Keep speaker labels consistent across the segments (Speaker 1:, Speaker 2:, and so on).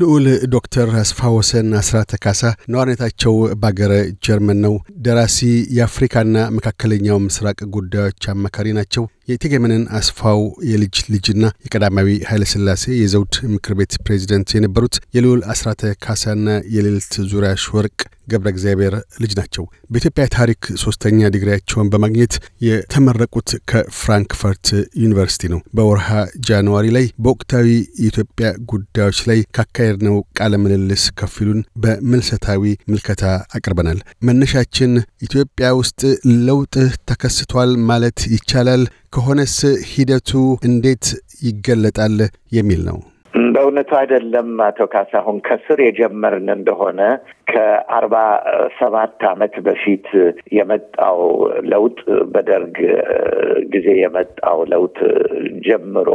Speaker 1: ልዑል ዶክተር አስፋ ወሰን አስራ ተካሳ ነዋሪነታቸው በአገረ ጀርመን ነው። ደራሲ፣ የአፍሪካና መካከለኛው ምስራቅ ጉዳዮች አማካሪ ናቸው። የእቴጌመነን አስፋው የልጅ ልጅና የቀዳማዊ ኃይለሥላሴ የዘውድ ምክር ቤት ፕሬዚደንት የነበሩት የልዑል አስራተ ካሳና የሌልት ዙሪያሽ ወርቅ ገብረ እግዚአብሔር ልጅ ናቸው። በኢትዮጵያ ታሪክ ሶስተኛ ዲግሪያቸውን በማግኘት የተመረቁት ከፍራንክፈርት ዩኒቨርሲቲ ነው። በወርሃ ጃንዋሪ ላይ በወቅታዊ የኢትዮጵያ ጉዳዮች ላይ ካካሄድነው ቃለ ምልልስ ከፊሉን በምልሰታዊ ምልከታ አቅርበናል። መነሻችን ኢትዮጵያ ውስጥ ለውጥ ተከስቷል ማለት ይቻላል ከሆነስ ሂደቱ እንዴት ይገለጣል የሚል ነው።
Speaker 2: በእውነቱ አይደለም አቶ ካሳሁን ከስር የጀመርን እንደሆነ ከአርባ ሰባት አመት በፊት የመጣው ለውጥ በደርግ ጊዜ የመጣው ለውጥ ጀምሮ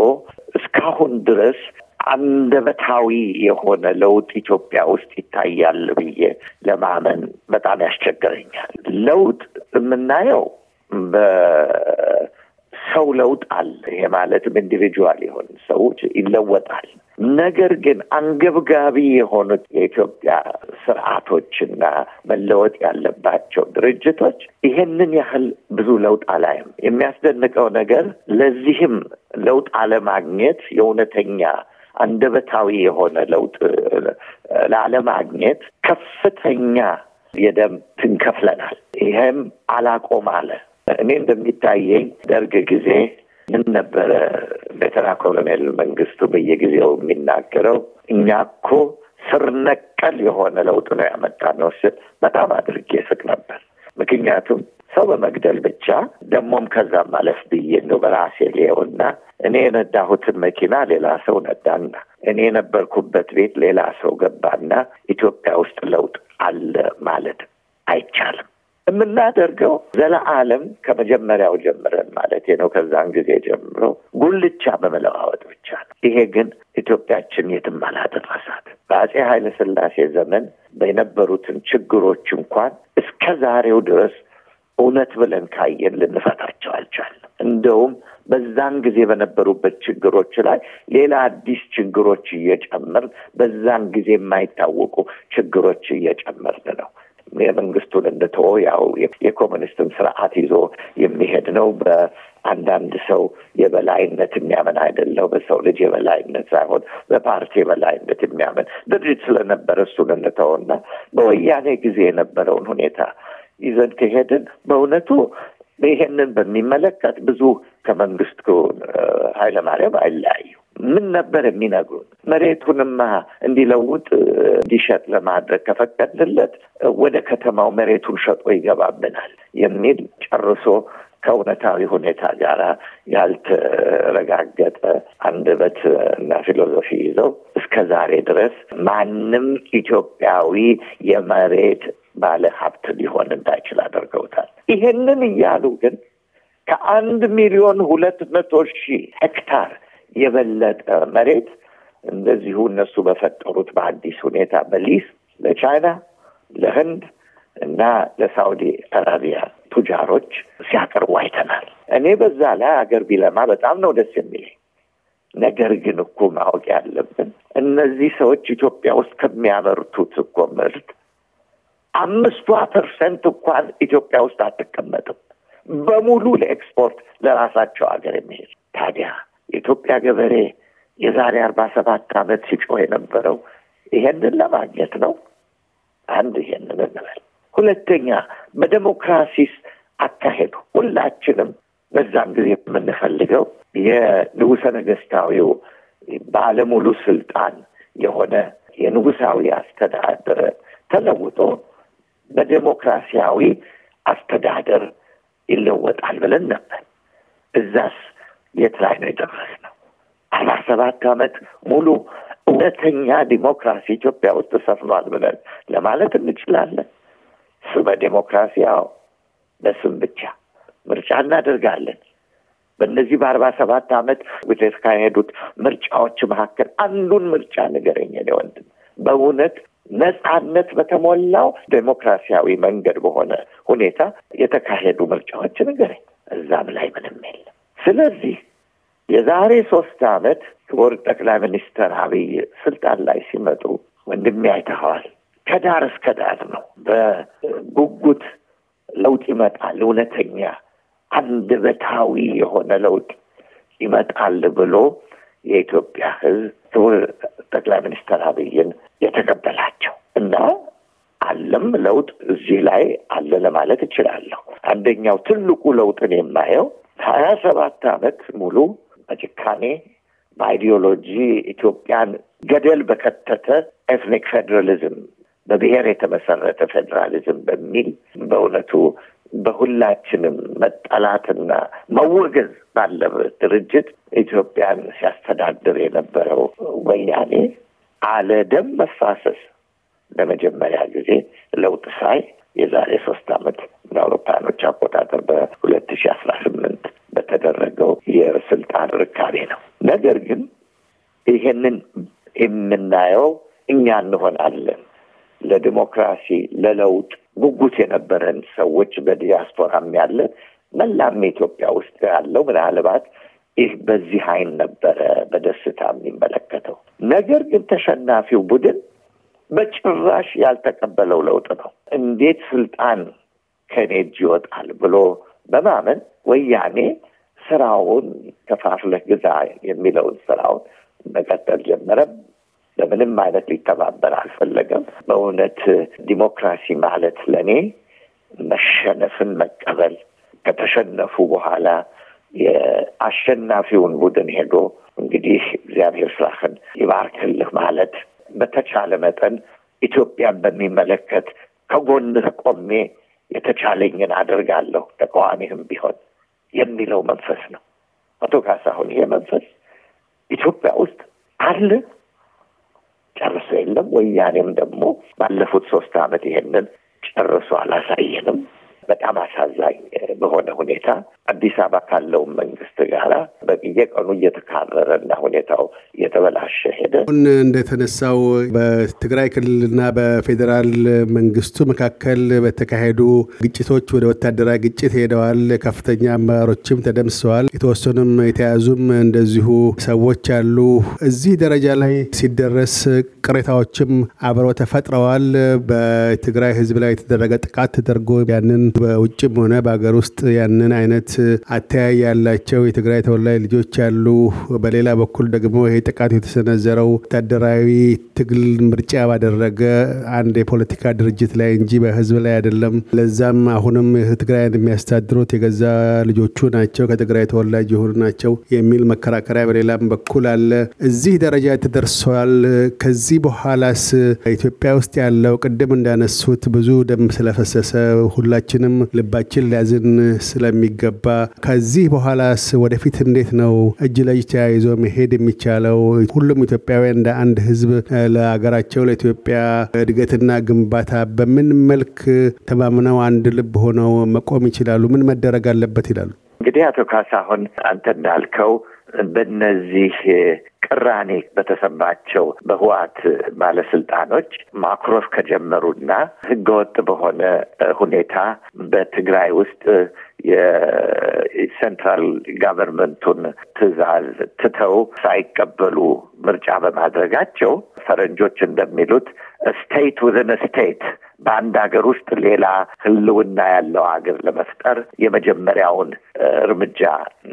Speaker 2: እስካሁን ድረስ አንደበታዊ የሆነ ለውጥ ኢትዮጵያ ውስጥ ይታያል ብዬ ለማመን በጣም ያስቸግረኛል። ለውጥ የምናየው በ ሰው ለውጥ አለ። ይሄ ማለትም ኢንዲቪጁዋል የሆን ሰዎች ይለወጣል። ነገር ግን አንገብጋቢ የሆኑት የኢትዮጵያ ስርዓቶችና መለወጥ ያለባቸው ድርጅቶች ይሄንን ያህል ብዙ ለውጥ አላይም። የሚያስደንቀው ነገር ለዚህም ለውጥ አለማግኘት የእውነተኛ አንደበታዊ የሆነ ለውጥ ላለማግኘት ከፍተኛ የደም ትንከፍለናል። ይሄም አላቆም አለ። እኔ እንደሚታየኝ ደርግ ጊዜ ምን ነበረ ሌተና ኮሎኔል መንግስቱ በየጊዜው የሚናገረው እኛ እኮ ስር ነቀል የሆነ ለውጥ ነው ያመጣ ነው ስል በጣም አድርጌ ስቅ ነበር። ምክንያቱም ሰው በመግደል ብቻ ደግሞም ከዛ ማለፍ ብዬ ነው በራሴ ሊየውና እኔ የነዳሁትን መኪና ሌላ ሰው ነዳና እኔ የነበርኩበት ቤት ሌላ ሰው ገባና ኢትዮጵያ ውስጥ ለውጥ አለ ማለት አይቻልም። የምናደርገው ዘለዓለም ከመጀመሪያው ጀምረን ማለት ነው ከዛን ጊዜ ጀምሮ ጉልቻ በመለዋወጥ ብቻ ነው። ይሄ ግን ኢትዮጵያችን የትም አላደረሳት። በአጼ ኃይለ ስላሴ ዘመን የነበሩትን ችግሮች እንኳን እስከ ዛሬው ድረስ እውነት ብለን ካየን ልንፈታቸው አልቻለም። እንደውም በዛን ጊዜ በነበሩበት ችግሮች ላይ ሌላ አዲስ ችግሮች እየጨመርን በዛን ጊዜ የማይታወቁ ችግሮች እየጨመርን ነው። የመንግስቱን እንደተወ ያው የኮሚኒስትን ስርዓት ይዞ የሚሄድ ነው። በአንዳንድ ሰው የበላይነት የሚያምን አይደለው። በሰው ልጅ የበላይነት ሳይሆን በፓርቲ የበላይነት የሚያምን ድርጅት ስለነበረ እሱን እንተወና በወያኔ ጊዜ የነበረውን ሁኔታ ይዘን ከሄድን በእውነቱ ይሄንን በሚመለከት ብዙ ከመንግስቱ ኃይለማርያም አይለያዩ ምን ነበር የሚነግሩት? መሬቱንማ እንዲለውጥ እንዲሸጥ ለማድረግ ከፈቀድለት ወደ ከተማው መሬቱን ሸጦ ይገባብናል የሚል ጨርሶ ከእውነታዊ ሁኔታ ጋር ያልተረጋገጠ አንደበት እና ፊሎዞፊ ይዘው እስከ ዛሬ ድረስ ማንም ኢትዮጵያዊ የመሬት ባለ ሀብት ሊሆን እንዳይችል አድርገውታል። ይሄንን እያሉ ግን ከአንድ ሚሊዮን ሁለት መቶ ሺህ ሄክታር የበለጠ መሬት እንደዚሁ እነሱ በፈጠሩት በአዲስ ሁኔታ በሊስ ለቻይና፣ ለህንድ እና ለሳውዲ አረቢያ ቱጃሮች ሲያቀርቡ አይተናል። እኔ በዛ ላይ አገር ቢለማ በጣም ነው ደስ የሚለኝ። ነገር ግን እኮ ማወቅ ያለብን እነዚህ ሰዎች ኢትዮጵያ ውስጥ ከሚያመርቱት እኮ ምርት አምስቷ ፐርሰንት እንኳን ኢትዮጵያ ውስጥ አትቀመጥም። በሙሉ ለኤክስፖርት ለራሳቸው ሀገር የሚሄድ ታዲያ የኢትዮጵያ ገበሬ የዛሬ አርባ ሰባት ዓመት ሲጮህ የነበረው ይሄንን ለማግኘት ነው። አንድ ይሄንን እንበል። ሁለተኛ በዴሞክራሲስ አካሄዱ ሁላችንም በዛም ጊዜ የምንፈልገው የንጉሰ ነገስታዊው ባለሙሉ ስልጣን የሆነ የንጉሳዊ አስተዳደር ተለውጦ በዴሞክራሲያዊ አስተዳደር ይለወጣል ብለን ነበር። እዛስ የት ላይ ነው የደረስነው? አራት ሰባት ዓመት ሙሉ እውነተኛ ዲሞክራሲ ኢትዮጵያ ውስጥ ሰፍኗል ብለን ለማለት እንችላለን? ስመ ዲሞክራሲ ያው በስም ብቻ ምርጫ እናደርጋለን። በእነዚህ በአርባ ሰባት ዓመት የተካሄዱት ምርጫዎች መካከል አንዱን ምርጫ ንገረኝ እኔ ወንድም በእውነት ነጻነት በተሞላው ዴሞክራሲያዊ መንገድ በሆነ ሁኔታ የተካሄዱ ምርጫዎች ንገረኝ። እዛም ላይ ምንም የለም። ስለዚህ የዛሬ ሶስት ዓመት ክቡር ጠቅላይ ሚኒስትር አብይ ስልጣን ላይ ሲመጡ ወንድሜ አይተኸዋል። ከዳር እስከ ዳር ነው። በጉጉት ለውጥ ይመጣል፣ እውነተኛ አንደበታዊ የሆነ ለውጥ ይመጣል ብሎ የኢትዮጵያ ሕዝብ ክቡር ጠቅላይ ሚኒስትር አብይን የተቀበላቸው እና አለም ለውጥ እዚህ ላይ አለ ለማለት እችላለሁ። አንደኛው ትልቁ ለውጥን የማየው ሀያ ሰባት አመት ሙሉ በጭካኔ በአይዲዮሎጂ ኢትዮጵያን ገደል በከተተ ኤትኒክ ፌዴራሊዝም በብሔር የተመሰረተ ፌዴራሊዝም በሚል በእውነቱ በሁላችንም መጠላትና መወገዝ ባለበት ድርጅት ኢትዮጵያን ሲያስተዳድር የነበረው ወያኔ አለ ደም መፋሰስ ለመጀመሪያ ጊዜ ለውጥ ሳይ የዛሬ ሶስት አመት እንደ አቆጣጠር በሁለት ሺ አስራ ስምንት ያደረገው የስልጣን ርካቤ ነው። ነገር ግን ይሄንን የምናየው እኛ እንሆናለን። ለዲሞክራሲ ለለውጥ ጉጉት የነበረን ሰዎች በዲያስፖራም ያለ መላም ኢትዮጵያ ውስጥ ያለው ምናልባት ይህ በዚህ አይን ነበረ በደስታ የሚመለከተው። ነገር ግን ተሸናፊው ቡድን በጭራሽ ያልተቀበለው ለውጥ ነው። እንዴት ስልጣን ከኔ እጅ ይወጣል ብሎ በማመን ወያኔ ስራውን ከፋፍለህ ግዛ የሚለውን ስራውን መቀጠል ጀመረ። በምንም አይነት ሊተባበር አልፈለገም። በእውነት ዲሞክራሲ ማለት ለእኔ መሸነፍን መቀበል፣ ከተሸነፉ በኋላ የአሸናፊውን ቡድን ሄዶ እንግዲህ እግዚአብሔር ስራህን ይባርክልህ ማለት፣ በተቻለ መጠን ኢትዮጵያን በሚመለከት ከጎንህ ቆሜ የተቻለኝን አድርጋለሁ ተቃዋሚህም ቢሆን የሚለው መንፈስ ነው። አቶ ካሳሁን ይሄ መንፈስ ኢትዮጵያ ውስጥ አለ ጨርሶ የለም። ወያኔም ደግሞ ባለፉት ሶስት ዓመት ይሄንን ጨርሶ አላሳየንም። በጣም አሳዛኝ በሆነ ሁኔታ አዲስ አበባ ካለው መንግስት ጋር በየቀኑ እየተካረረ እና ሁኔታው
Speaker 1: እየተበላሸ ሄደ። አሁን እንደተነሳው በትግራይ ክልልና በፌዴራል መንግስቱ መካከል በተካሄዱ ግጭቶች ወደ ወታደራዊ ግጭት ሄደዋል። ከፍተኛ አመራሮችም ተደምሰዋል። የተወሰኑም የተያዙም እንደዚሁ ሰዎች አሉ። እዚህ ደረጃ ላይ ሲደረስ ቅሬታዎችም አብረው ተፈጥረዋል። በትግራይ ህዝብ ላይ የተደረገ ጥቃት ተደርጎ ያንን በውጭም ሆነ በሀገር ውስጥ ያንን አይነት አይነት አተያይ ያላቸው የትግራይ ተወላጅ ልጆች ያሉ፣ በሌላ በኩል ደግሞ ይሄ ጥቃቱ የተሰነዘረው ወታደራዊ ትግል ምርጫ ባደረገ አንድ የፖለቲካ ድርጅት ላይ እንጂ በህዝብ ላይ አይደለም። ለዛም አሁንም ትግራይን የሚያስተዳድሩት የገዛ ልጆቹ ናቸው፣ ከትግራይ ተወላጅ የሆኑ ናቸው የሚል መከራከሪያ በሌላም በኩል አለ። እዚህ ደረጃ ተደርሷል። ከዚህ በኋላስ ኢትዮጵያ ውስጥ ያለው ቅድም እንዳነሱት ብዙ ደም ስለፈሰሰ ሁላችንም ልባችን ሊያዝን ስለሚገባ ገባ። ከዚህ በኋላስ ወደፊት እንዴት ነው እጅ ለእጅ ተያይዞ መሄድ የሚቻለው? ሁሉም ኢትዮጵያውያን እንደ አንድ ህዝብ ለሀገራቸው ለኢትዮጵያ እድገትና ግንባታ በምን መልክ ተማምነው አንድ ልብ ሆነው መቆም ይችላሉ? ምን መደረግ አለበት ይላሉ?
Speaker 2: እንግዲህ አቶ ካሳሁን አንተ እንዳልከው በነዚህ ቅራኔ በተሰማቸው በህዋት ባለስልጣኖች ማኩረፍ ከጀመሩና ህገወጥ በሆነ ሁኔታ በትግራይ ውስጥ የሴንትራል ጋቨርንመንቱን ትዕዛዝ ትተው ሳይቀበሉ ምርጫ በማድረጋቸው ፈረንጆች እንደሚሉት ስቴት ውዝን ስቴት በአንድ ሀገር ውስጥ ሌላ ህልውና ያለው ሀገር ለመፍጠር የመጀመሪያውን እርምጃ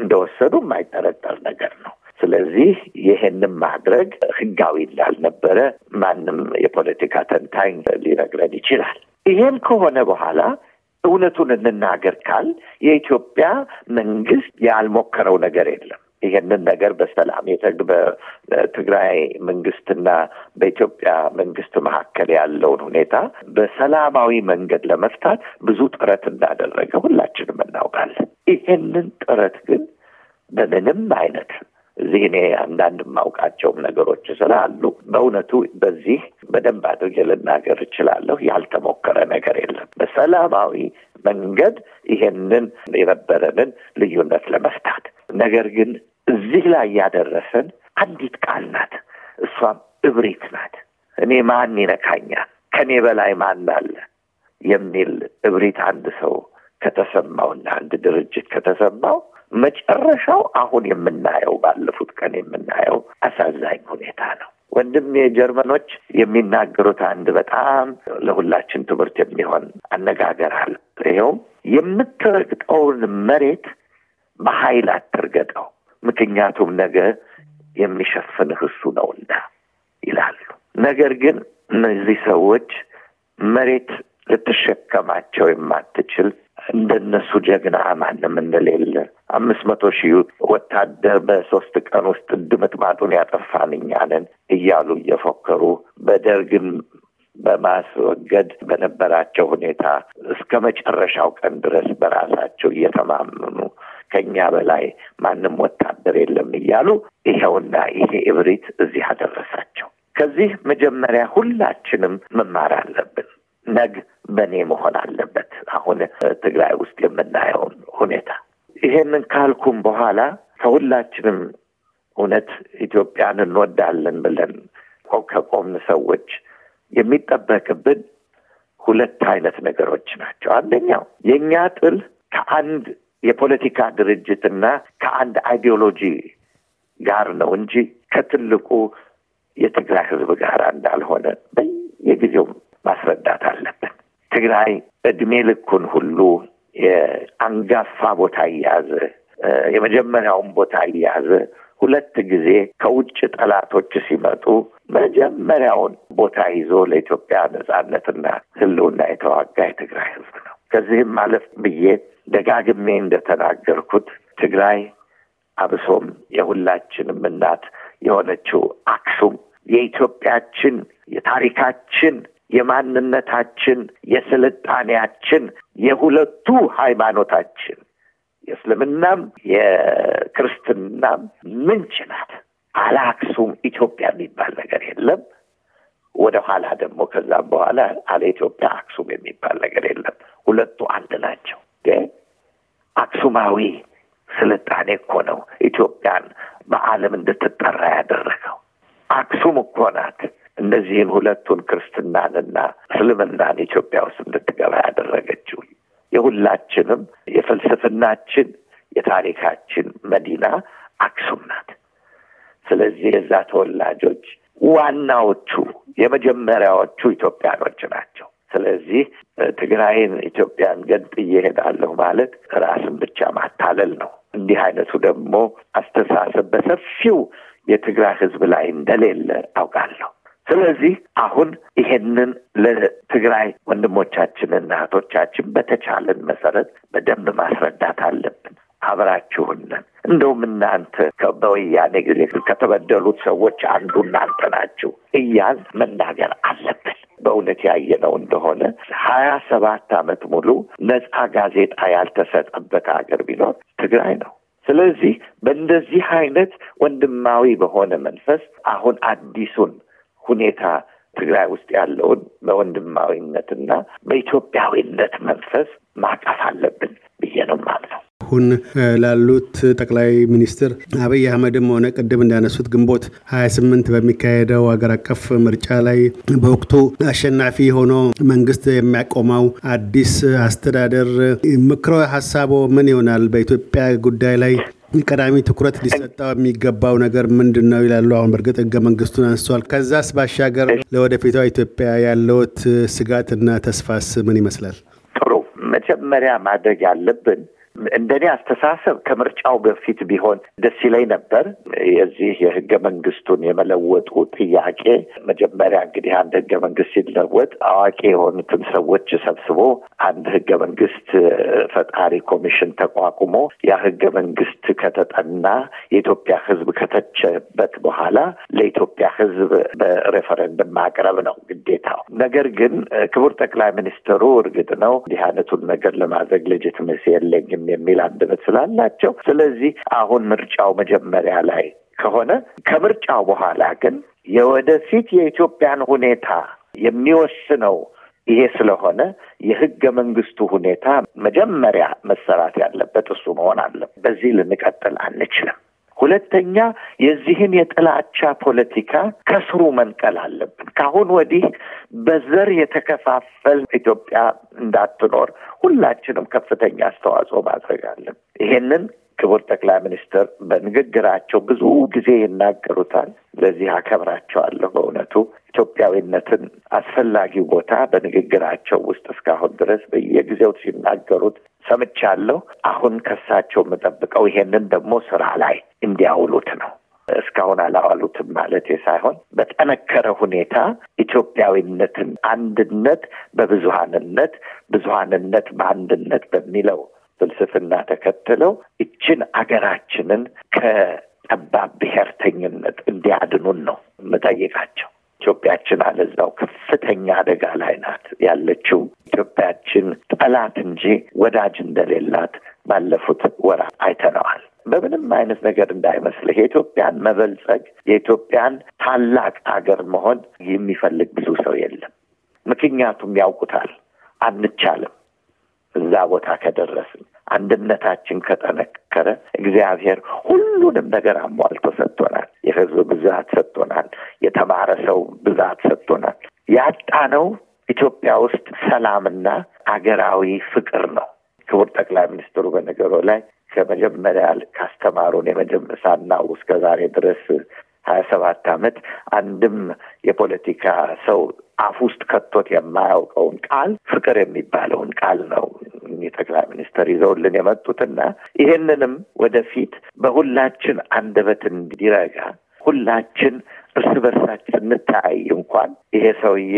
Speaker 2: እንደወሰዱ የማይጠረጠር ነገር ነው። ስለዚህ ይሄንን ማድረግ ህጋዊ እንዳልነበረ ማንም የፖለቲካ ተንታኝ ሊነግረን ይችላል። ይሄም ከሆነ በኋላ እውነቱን እንናገር ካል የኢትዮጵያ መንግስት ያልሞከረው ነገር የለም። ይሄንን ነገር በሰላም በትግራይ መንግስትና በኢትዮጵያ መንግስት መካከል ያለውን ሁኔታ በሰላማዊ መንገድ ለመፍታት ብዙ ጥረት እንዳደረገ ሁላችንም እናውቃለን። ይሄንን ጥረት ግን በምንም አይነት እዚህ እኔ አንዳንድ የማውቃቸውም ነገሮች ስላሉ በእውነቱ በዚህ በደንብ አድርጌ ልናገር እችላለሁ። ያልተሞከረ ነገር የለም። በሰላማዊ መንገድ ይሄንን የነበረንን ልዩነት ለመፍታት ነገር ግን እዚህ ላይ ያደረሰን አንዲት ቃል ናት። እሷም እብሪት ናት። እኔ ማን ይነካኛል፣ ከኔ በላይ ማን አለ የሚል እብሪት አንድ ሰው ከተሰማውና አንድ ድርጅት ከተሰማው መጨረሻው አሁን የምናየው ባለፉት ቀን የምናየው አሳዛኝ ሁኔታ ነው። ወንድም የጀርመኖች የሚናገሩት አንድ በጣም ለሁላችን ትምህርት የሚሆን አነጋገር አለ። ይኸውም የምትረግጠውን መሬት በኃይል አትርገጠው፣ ምክንያቱም ነገ የሚሸፍንህ እሱ ነውና ይላሉ። ነገር ግን እነዚህ ሰዎች መሬት ልትሸከማቸው የማትችል እንደነሱ ጀግና ማንም እንደሌለ አምስት መቶ ሺህ ወታደር በሶስት ቀን ውስጥ ድምጥማጡን ያጠፋን እኛ እያሉ እየፎከሩ በደርግን በማስወገድ በነበራቸው ሁኔታ እስከ መጨረሻው ቀን ድረስ በራሳቸው እየተማመኑ ከኛ በላይ ማንም ወታደር የለም እያሉ ይኸውና ይሄ እብሪት እዚህ አደረሳቸው። ከዚህ መጀመሪያ ሁላችንም መማር አለብን። ነግ በእኔ መሆን አለበት አሁን ትግራይ ውስጥ የምናየውን ሁኔታ። ይሄንን ካልኩም በኋላ ከሁላችንም እውነት ኢትዮጵያን እንወዳለን ብለን ከቆምን ሰዎች የሚጠበቅብን ሁለት አይነት ነገሮች ናቸው። አንደኛው የእኛ ጥል ከአንድ የፖለቲካ ድርጅትና ከአንድ አይዲዮሎጂ ጋር ነው እንጂ ከትልቁ የትግራይ ሕዝብ ጋር እንዳልሆነ በየጊዜው ማስረዳት አለብን። ትግራይ እድሜ ልኩን ሁሉ የአንጋፋ ቦታ እያዘ የመጀመሪያውን ቦታ እያዘ ሁለት ጊዜ ከውጭ ጠላቶች ሲመጡ መጀመሪያውን ቦታ ይዞ ለኢትዮጵያ ነጻነትና ሕልውና የተዋጋ የትግራይ ሕዝብ ነው። ከዚህም ማለፍ ብዬ ደጋግሜ እንደተናገርኩት ትግራይ አብሶም የሁላችንም እናት የሆነችው አክሱም የኢትዮጵያችን የታሪካችን የማንነታችን፣ የስልጣኔያችን፣ የሁለቱ ሃይማኖታችን የእስልምናም የክርስትናም ምንጭ ናት። አለአክሱም ኢትዮጵያ የሚባል ነገር የለም። ወደ ኋላ ደግሞ ከዛም በኋላ አለ ኢትዮጵያ አክሱም የሚባል ነገር የለም። ሁለቱ አንድ ናቸው። አክሱማዊ ስልጣኔ እኮ ነው ኢትዮጵያን በዓለም እንድትጠራ ያደረገው። አክሱም እኮ ናት እነዚህን ሁለቱን ክርስትናንና እስልምናን ኢትዮጵያ ውስጥ እንድትገባ ያደረገችው የሁላችንም የፍልስፍናችን የታሪካችን መዲና አክሱም ናት። ስለዚህ የዛ ተወላጆች ዋናዎቹ የመጀመሪያዎቹ ኢትዮጵያኖች ናቸው። ስለዚህ ትግራይን ኢትዮጵያን ገንጥዬ እሄዳለሁ ማለት ራስን ብቻ ማታለል ነው። እንዲህ አይነቱ ደግሞ አስተሳሰብ በሰፊው የትግራይ ሕዝብ ላይ እንደሌለ አውቃለሁ። ስለዚህ አሁን ይሄንን ለትግራይ ወንድሞቻችንና እህቶቻችን በተቻለን መሰረት በደንብ ማስረዳት አለብን። አብራችሁን እንደውም እናንተ በወያኔ ጊዜ ከተበደሉት ሰዎች አንዱ እናንተ ናችሁ እያል መናገር አለብን። በእውነት ያየነው እንደሆነ ሀያ ሰባት ዓመት ሙሉ ነፃ ጋዜጣ ያልተሰጠበት ሀገር ቢኖር ትግራይ ነው። ስለዚህ በእንደዚህ አይነት ወንድማዊ በሆነ መንፈስ አሁን አዲሱን ሁኔታ ትግራይ ውስጥ ያለውን በወንድማዊነትና በኢትዮጵያዊነት መንፈስ ማቀፍ አለብን ብዬ ነው ማምነው።
Speaker 1: አሁን ላሉት ጠቅላይ ሚኒስትር አብይ አህመድም ሆነ ቅድም እንዳነሱት ግንቦት 28 በሚካሄደው አገር አቀፍ ምርጫ ላይ በወቅቱ አሸናፊ ሆኖ መንግስት የሚያቆመው አዲስ አስተዳደር ምክሮ ሀሳቦ ምን ይሆናል? በኢትዮጵያ ጉዳይ ላይ ቀዳሚ ትኩረት ሊሰጠው የሚገባው ነገር ምንድን ነው ይላሉ። አሁን በእርግጥ ህገ መንግስቱን አንስተዋል። ከዛስ ባሻገር ለወደፊቷ ኢትዮጵያ ስጋት ስጋትና ተስፋስ ምን ይመስላል?
Speaker 2: ጥሩ መጀመሪያ ማድረግ ያለብን እንደኔ አስተሳሰብ ከምርጫው በፊት ቢሆን ደስ ይለኝ ነበር። የዚህ የህገ መንግስቱን የመለወጡ ጥያቄ መጀመሪያ እንግዲህ አንድ ህገ መንግስት ሲለወጥ አዋቂ የሆኑትን ሰዎች ሰብስቦ አንድ ህገ መንግስት ፈጣሪ ኮሚሽን ተቋቁሞ ያ ህገ መንግስት ከተጠና የኢትዮጵያ ህዝብ ከተቸበት በኋላ ለኢትዮጵያ ህዝብ በሬፈረንድም ማቅረብ ነው ግዴታው። ነገር ግን ክቡር ጠቅላይ ሚኒስትሩ እርግጥ ነው እንዲህ አይነቱን ነገር ለማድረግ ሌጅትመሲ የለኝም የሚል አንደበት ስላላቸው፣ ስለዚህ አሁን ምርጫው መጀመሪያ ላይ ከሆነ ከምርጫው በኋላ ግን የወደፊት የኢትዮጵያን ሁኔታ የሚወስነው ይሄ ስለሆነ የህገ መንግስቱ ሁኔታ መጀመሪያ መሰራት ያለበት እሱ መሆን አለ። በዚህ ልንቀጥል አንችልም። ሁለተኛ የዚህን የጥላቻ ፖለቲካ ከስሩ መንቀል አለብን። ከአሁን ወዲህ በዘር የተከፋፈል ኢትዮጵያ እንዳትኖር ሁላችንም ከፍተኛ አስተዋጽኦ ማድረግ አለን። ይሄንን ክቡር ጠቅላይ ሚኒስትር በንግግራቸው ብዙ ጊዜ ይናገሩታል። ለዚህ አከብራቸዋለሁ። በእውነቱ ኢትዮጵያዊነትን አስፈላጊ ቦታ በንግግራቸው ውስጥ እስካሁን ድረስ በየጊዜው ሲናገሩት ሰምቻለሁ። አሁን ከሳቸው የምጠብቀው ይሄንን ደግሞ ስራ ላይ እንዲያውሉት ነው። እስካሁን አላዋሉትም ማለት ሳይሆን በጠነከረ ሁኔታ ኢትዮጵያዊነትን፣ አንድነት በብዙሀንነት፣ ብዙሀንነት በአንድነት በሚለው ፍልስፍና ተከትለው እችን አገራችንን ከጠባብ ብሔርተኝነት እንዲያድኑን ነው የምጠይቃቸው። ኢትዮጵያችን አለዛው ከፍተኛ አደጋ ላይ ናት ያለችው። ኢትዮጵያችን ጠላት እንጂ ወዳጅ እንደሌላት ባለፉት ወራት አይተነዋል። በምንም አይነት ነገር እንዳይመስልህ የኢትዮጵያን መበልጸግ የኢትዮጵያን ታላቅ ሀገር መሆን የሚፈልግ ብዙ ሰው የለም። ምክንያቱም ያውቁታል፣ አንቻልም። እዛ ቦታ ከደረስን አንድነታችን ከጠነከረ እግዚአብሔር ሁሉንም ነገር አሟልቶ ሰጥቶናል። የህዝብ ብዛት ሰጥቶናል። የተማረ ሰው ብዛት ሰጥቶናል። ያጣነው ኢትዮጵያ ውስጥ ሰላምና አገራዊ ፍቅር ነው። ክቡር ጠቅላይ ሚኒስትሩ በነገሮ ላይ ከመጀመሪያ ካስተማሩን የመጀመ ሳናው እስከ ዛሬ ድረስ ሀያ ሰባት አመት አንድም የፖለቲካ ሰው አፍ ውስጥ ከቶት የማያውቀውን ቃል ፍቅር የሚባለውን ቃል ነው እኚህ ጠቅላይ ሚኒስትር ይዘውልን የመጡትና ይሄንንም ወደፊት በሁላችን አንደበት እንዲረጋ ሁላችን እርስ በርሳችን ምታይ እንኳን ይሄ ሰውዬ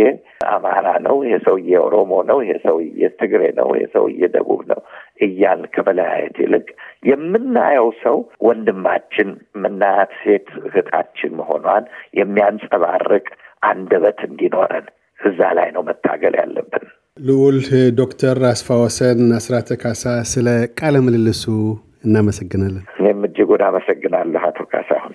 Speaker 2: አማራ ነው፣ ይሄ ሰውዬ ኦሮሞ ነው፣ ይሄ ሰውዬ ትግሬ ነው፣ ይሄ ሰውዬ ደቡብ ነው እያል ከመለያየት ይልቅ የምናየው ሰው ወንድማችን፣ ምናያት ሴት እህታችን መሆኗን የሚያንጸባርቅ አንደበት እንዲኖረን እዛ ላይ ነው መታገል ያለብን።
Speaker 1: ልዑል ዶክተር አስፋወሰን አስራተ ካሳ ስለ ቃለ ምልልሱ እናመሰግናለን።
Speaker 2: እኔም እጅጉን አመሰግናለሁ አቶ ካሳሁን።